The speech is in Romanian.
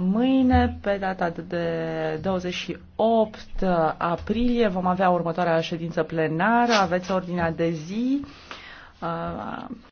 Mâine, pe data de 28 aprilie, vom avea următoarea ședință plenară. Aveți ordinea de zi. Uh,